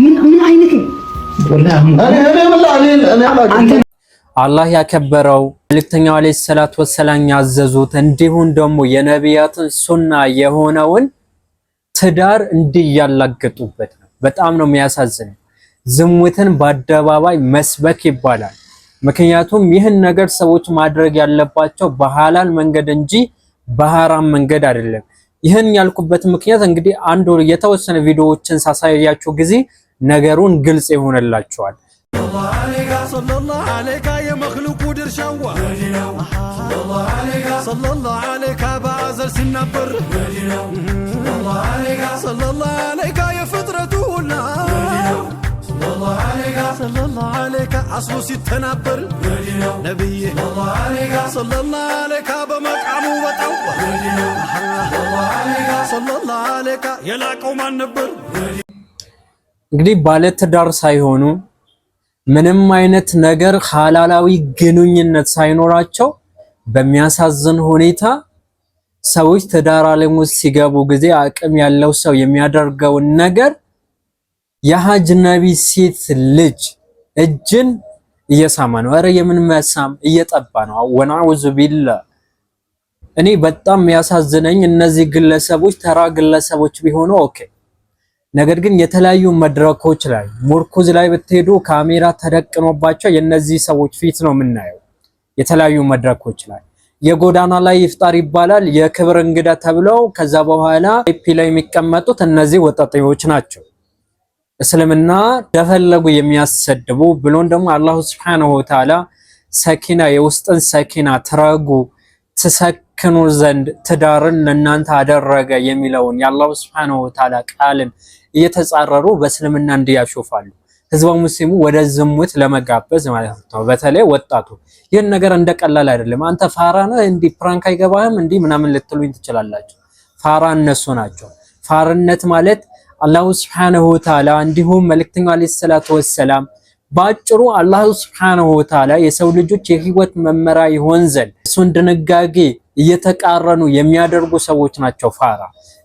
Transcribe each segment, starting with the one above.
ምክንያት ምን አይነት አላህ ያከበረው መልእክተኛው አለይሂ ሰላቱ ወሰላም ያዘዙት እንዲሁም ደግሞ የነቢያትን ሱና የሆነውን ትዳር እንዲያላገጡበት ነው። በጣም ነው የሚያሳዝነው። ዝሙትን በአደባባይ መስበክ ይባላል። ምክንያቱም ይህን ነገር ሰዎች ማድረግ ያለባቸው በሐላል መንገድ እንጂ በሐራም መንገድ አይደለም። ይህን ያልኩበት ምክንያት እንግዲህ አንድ የተወሰነ ቪዲዮዎችን ሳሳያችሁ ጊዜ ነገሩን ግልጽ ይሆንላችኋል። ሲተናበር ነቢይ በመቃሙ የላቀው ማን ነበር? እንግዲህ ባለትዳር ሳይሆኑ ምንም አይነት ነገር ሐላላዊ ግንኙነት ሳይኖራቸው በሚያሳዝን ሁኔታ ሰዎች ትዳር ዓለም ውስጥ ሲገቡ ጊዜ አቅም ያለው ሰው የሚያደርገውን ነገር የሀጅ ነቢ ሴት ልጅ እጅን እየሳማ ነው። ኧረ የምን መሳም እየጠባ ነው። ወናውዝ ቢላ እኔ በጣም ያሳዝነኝ እነዚህ ግለሰቦች ተራ ግለሰቦች ቢሆኑ ኦኬ። ነገር ግን የተለያዩ መድረኮች ላይ ሙርኩዝ ላይ ብትሄዱ ካሜራ ተደቅኖባቸው የነዚህ ሰዎች ፊት ነው የምናየው። የተለያዩ መድረኮች ላይ የጎዳና ላይ ይፍጣር ይባላል የክብር እንግዳ ተብለው ከዛ በኋላ ፒ ላይ የሚቀመጡት እነዚህ ወጠጤዎች ናቸው። እስልምና እንደፈለጉ የሚያሰድቡ ብሎን ደግሞ አላሁ ስብሐነሁ ወተዓላ ሰኪና የውስጥን ሰኪና ትረጉ ትሰክኑ ዘንድ ትዳርን ለእናንተ አደረገ የሚለውን የአላሁ ስብሐነሁ ወተዓላ ቃልን እየተጻረሩ በእስልምና እንዲያሾፋሉ ህዝበ ሙስሊሙ ወደ ዝሙት ለመጋበዝ ማለት ነው። በተለይ ወጣቱ ይህን ነገር እንደ ቀላል አይደለም። አንተ ፋራ ነህ፣ እንዲህ ፕራንክ አይገባህም፣ እንዲህ ምናምን ልትሉኝ ትችላላችሁ። ፋራ እነሱ ናቸው። ፋርነት ማለት አላሁ ስብሓነሁ ወተዓላ እንዲሁም መልእክተኛው ዓለይሂ ሰላቱ ወሰላም በአጭሩ አላሁ ስብሓነሁ ወተዓላ የሰው ልጆች የህይወት መመሪያ ይሆን ዘንድ እሱን ድንጋጌ እየተቃረኑ የሚያደርጉ ሰዎች ናቸው። ፋራ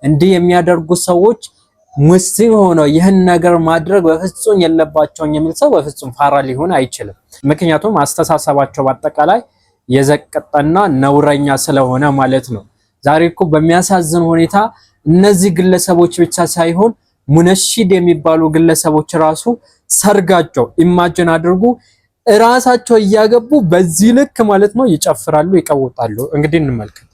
እንዲህ የሚያደርጉ ሰዎች ሙስሊም ሆነው ይህን ነገር ማድረግ በፍጹም የለባቸውን የሚል ሰው በፍጹም ፋራ ሊሆን አይችልም። ምክንያቱም አስተሳሰባቸው በአጠቃላይ የዘቀጠና ነውረኛ ስለሆነ ማለት ነው። ዛሬ እኮ በሚያሳዝን ሁኔታ እነዚህ ግለሰቦች ብቻ ሳይሆን ሙነሺድ የሚባሉ ግለሰቦች ራሱ ሰርጋቸው ኢማጅን አድርጉ እራሳቸው እያገቡ በዚህ ልክ ማለት ነው ይጨፍራሉ፣ ይቀውጣሉ። እንግዲህ እንመልከት።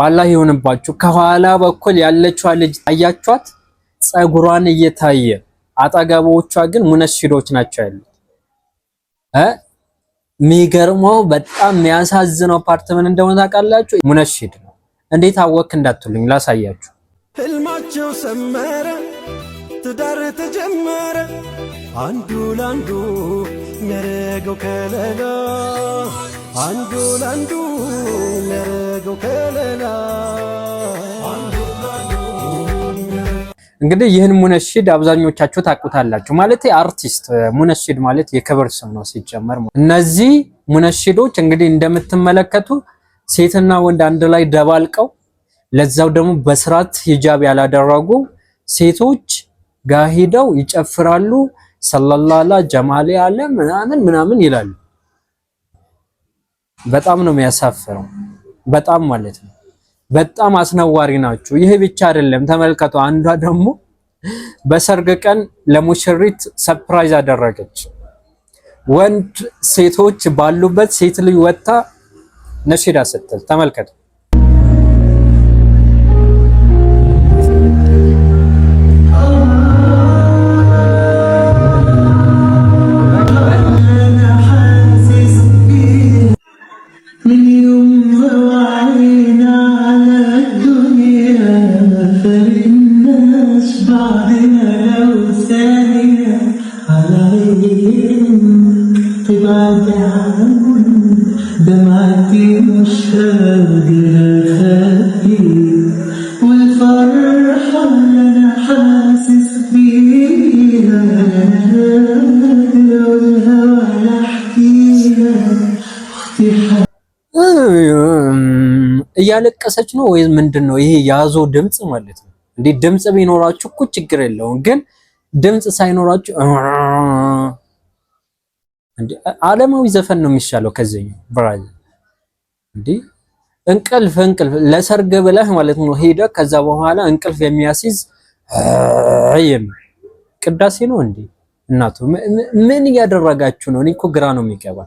ባላህ ይሁንባችሁ። ከኋላ በኩል ያለችዋ ልጅ አያችኋት? ጸጉሯን እየታየ አጠገቦቿ ግን ሙነሽዶች ናቸው ያሉት። የሚገርመው በጣም የሚያሳዝነው ፓርት ምን እንደሆነ ታውቃላችሁ? ሙነሽድ ነው። እንዴት አወክ እንዳትሉኝ ላሳያችሁ። ህልማቸው ሰመረ፣ ትዳር ተጀመረ፣ አንዱ ለአንዱ ሚያረገው ከለላ፣ አንዱ ለአንዱ ሚያረገው እንግዲህ ይህን ሙነሽድ አብዛኞቻችሁ ታውቁታላችሁ። ማለት አርቲስት ሙነሽድ ማለት የክብር ስም ነው ሲጀመር። እነዚህ ሙነሽዶች እንግዲህ እንደምትመለከቱ ሴትና ወንድ አንድ ላይ ደባልቀው ለዛው ደግሞ በስርዓት ሂጃብ ያላደረጉ ሴቶች ጋር ይጨፍራሉ። ሰለላላ ጀማሌ አለ ምናምን ምናምን ይላሉ። በጣም ነው የሚያሳፍረው። በጣም ማለት ነው በጣም አስነዋሪ ናችሁ። ይህ ብቻ አይደለም፣ ተመልከቱ። አንዷ ደግሞ በሰርግ ቀን ለሙሽሪት ሰርፕራይዝ አደረገች። ወንድ ሴቶች ባሉበት ሴት ልጅ ወጥታ ነሽዳ ስትል ተመልከቱ። እያለቀሰች ነው ወይስ ምንድን ነው? ይሄ ያዞ ድምፅ ማለት ነው እንዴ? ድምፅ ቢኖራችሁ እኮ ችግር የለውም፣ ግን ድምፅ ሳይኖራችሁ እንዴ! ዘፈን ነው የሚሻለው ከዚህኛው ብራዘር እንዴ እንቅልፍ እንቅልፍ ለሰርግ ብለህ ማለት ነው ሄደ። ከዛ በኋላ እንቅልፍ የሚያስይዝ አይም ቅዳሴ ነው እንዴ? እናቱ ምን እያደረጋችሁ ነው? እኔ እኮ ግራ ነው የሚገባ።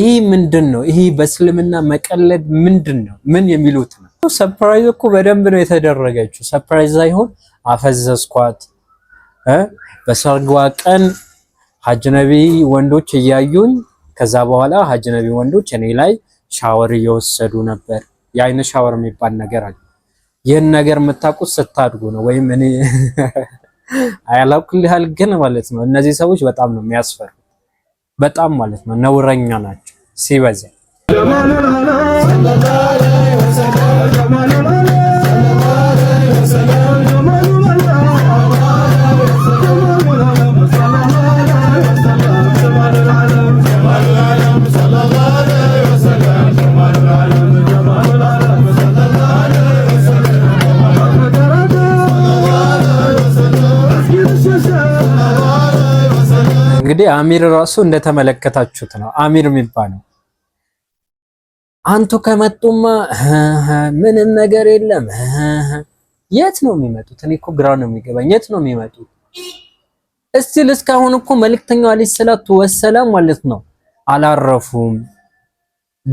ይህ ምንድን ነው? ይሄ በእስልምና መቀለድ ምንድን ነው? ምን የሚሉት ነው? ሰርፕራይዝ እኮ በደንብ ነው የተደረገችው። ሰርፕራይዝ ሳይሆን አፈዘዝኳት እ በሰርጓ ቀን ሀጅነቢ ወንዶች እያዩኝ ከዛ በኋላ ሀጅነቢ ወንዶች እኔ ላይ ሻወር እየወሰዱ ነበር። የአይን ሻወር የሚባል ነገር አለ። ይህን ነገር የምታውቁት ስታድጉ ነው። ወይም እኔ አያላውቅልህ ግን ማለት ነው። እነዚህ ሰዎች በጣም ነው የሚያስፈሩት፣ በጣም ማለት ነው ነውረኛ ናቸው ሲበዛ እንግዲህ አሚር ራሱ እንደተመለከታችሁት ነው። አሚር የሚባለው አንቱ ከመጡማ ምንም ነገር የለም። የት ነው የሚመጡት? እኔ እኮ ግራ ነው የሚገባኝ። የት ነው የሚመጡት? እስቲል እስካሁን እኮ መልእክተኛው አለይሂ ሰላቱ ወሰላም ማለት ነው አላረፉም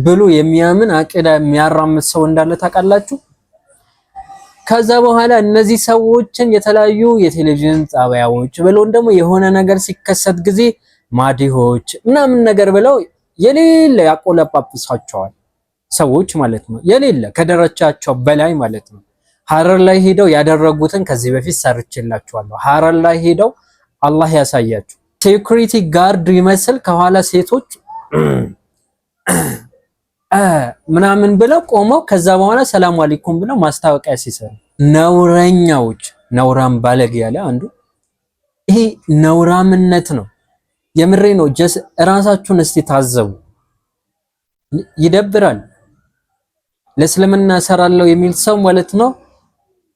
ብሎ የሚያምን አቂዳ የሚያራምድ ሰው እንዳለ ታውቃላችሁ። ከዛ በኋላ እነዚህ ሰዎችን የተለያዩ የቴሌቪዥን ጣቢያዎች ብለውን ደግሞ የሆነ ነገር ሲከሰት ጊዜ ማዲሆች ምናምን ነገር ብለው የሌለ ያቆለጳጵሳቸዋል ሰዎች ማለት ነው። የሌለ ከደረቻቸው በላይ ማለት ነው። ሀረር ላይ ሄደው ያደረጉትን ከዚህ በፊት ሰርችላችኋለሁ። ሀረር ላይ ሄደው አላህ ያሳያችሁ። ሴኩሪቲ ጋርድ ይመስል ከኋላ ሴቶች ምናምን ብለው ቆመው ከዛ በኋላ ሰላም አለይኩም ብለው ማስታወቂያ ሲሰሩ ነውረኛዎች፣ ነውራም ባለግ ያለ አንዱ ይሄ ነውራምነት ነው። የምሬ ነው። ጀስ እራሳችሁን እስቲ ታዘቡ። ይደብራል። ለእስልምና ሰራለው የሚል ሰው ማለት ነው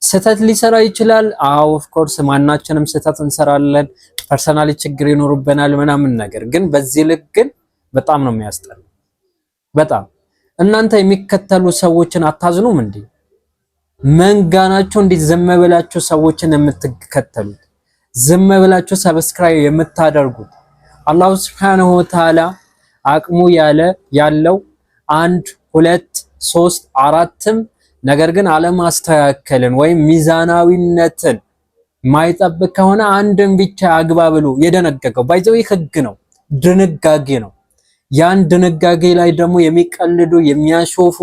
ስህተት ሊሰራ ይችላል። አዎ ኦፍ ኮርስ ማናችንም ስህተት እንሰራለን፣ ፐርሰናል ችግር ይኖርብናል ምናምን ነገር ግን በዚህ ልክ ግን በጣም ነው የሚያስጠላው በጣም እናንተ የሚከተሉ ሰዎችን አታዝኑም እንዴ? መንጋ ናችሁ እንዴ? ዝም ብላችሁ ሰዎችን የምትከተሉት ዝም ብላችሁ ሰብስክራይብ የምታደርጉት አላሁ ሱብሓነሁ ወተዓላ አቅሙ ያለ ያለው አንድ ሁለት ሶስት አራትም ነገር ግን አለማስተካከልን ወይም ሚዛናዊነትን ማይጠብቅ ከሆነ አንድን ብቻ አግባ ብሎ የደነገገው ባይዘው ህግ ነው፣ ድንጋጌ ነው። ያን ድንጋጌ ላይ ደግሞ የሚቀልዱ የሚያሾፉ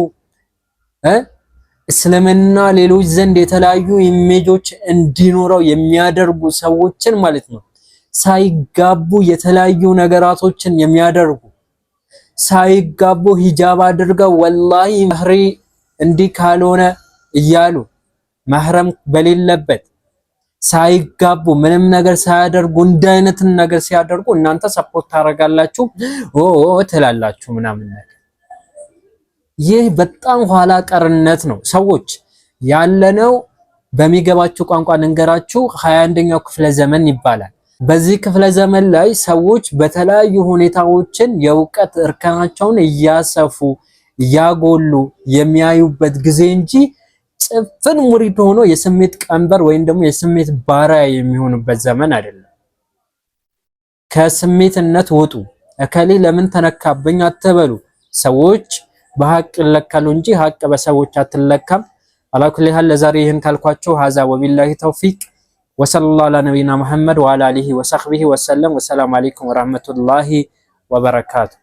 እስልምና ሌሎች ዘንድ የተለያዩ ኢሜጆች እንዲኖረው የሚያደርጉ ሰዎችን ማለት ነው። ሳይጋቡ የተለያዩ ነገራቶችን የሚያደርጉ ሳይጋቡ ሂጃብ አድርገው ወላሂ መህሪ እንዲህ ካልሆነ እያሉ መህረም በሌለበት ሳይጋቡ ምንም ነገር ሳያደርጉ እንደ አይነት ነገር ሲያደርጉ እናንተ ሰፖርት ታደርጋላችሁ ኦ ትላላችሁ ምናምን ነገር። ይህ በጣም ኋላ ቀርነት ነው። ሰዎች ያለነው በሚገባችሁ ቋንቋ ንንገራችሁ ሀያ አንደኛው ክፍለ ዘመን ይባላል። በዚህ ክፍለ ዘመን ላይ ሰዎች በተለያዩ ሁኔታዎችን የእውቀት እርከናቸውን እያሰፉ እያጎሉ የሚያዩበት ጊዜ እንጂ ጭፍን ሙሪድ ሆኖ የስሜት ቀንበር ወይም ደግሞ የስሜት ባሪያ የሚሆንበት ዘመን አይደለም። ከስሜትነት ውጡ። እከሌ ለምን ተነካብኝ አትበሉ። ሰዎች በሀቅ ይለካሉ እንጂ ሀቅ በሰዎች አትለካም። አላ ኩሊ ለዛሬ ይህን ካልኳቸው ሀዛ ወቢላሂ ተውፊቅ ወሰለላሁ ዐላ ነቢይና መሐመድ ወዐላ አሊሂ ወሰህቢሂ ወሰለም። ወሰላሙ አለይኩም ወራህመቱላሂ ወበረካቱ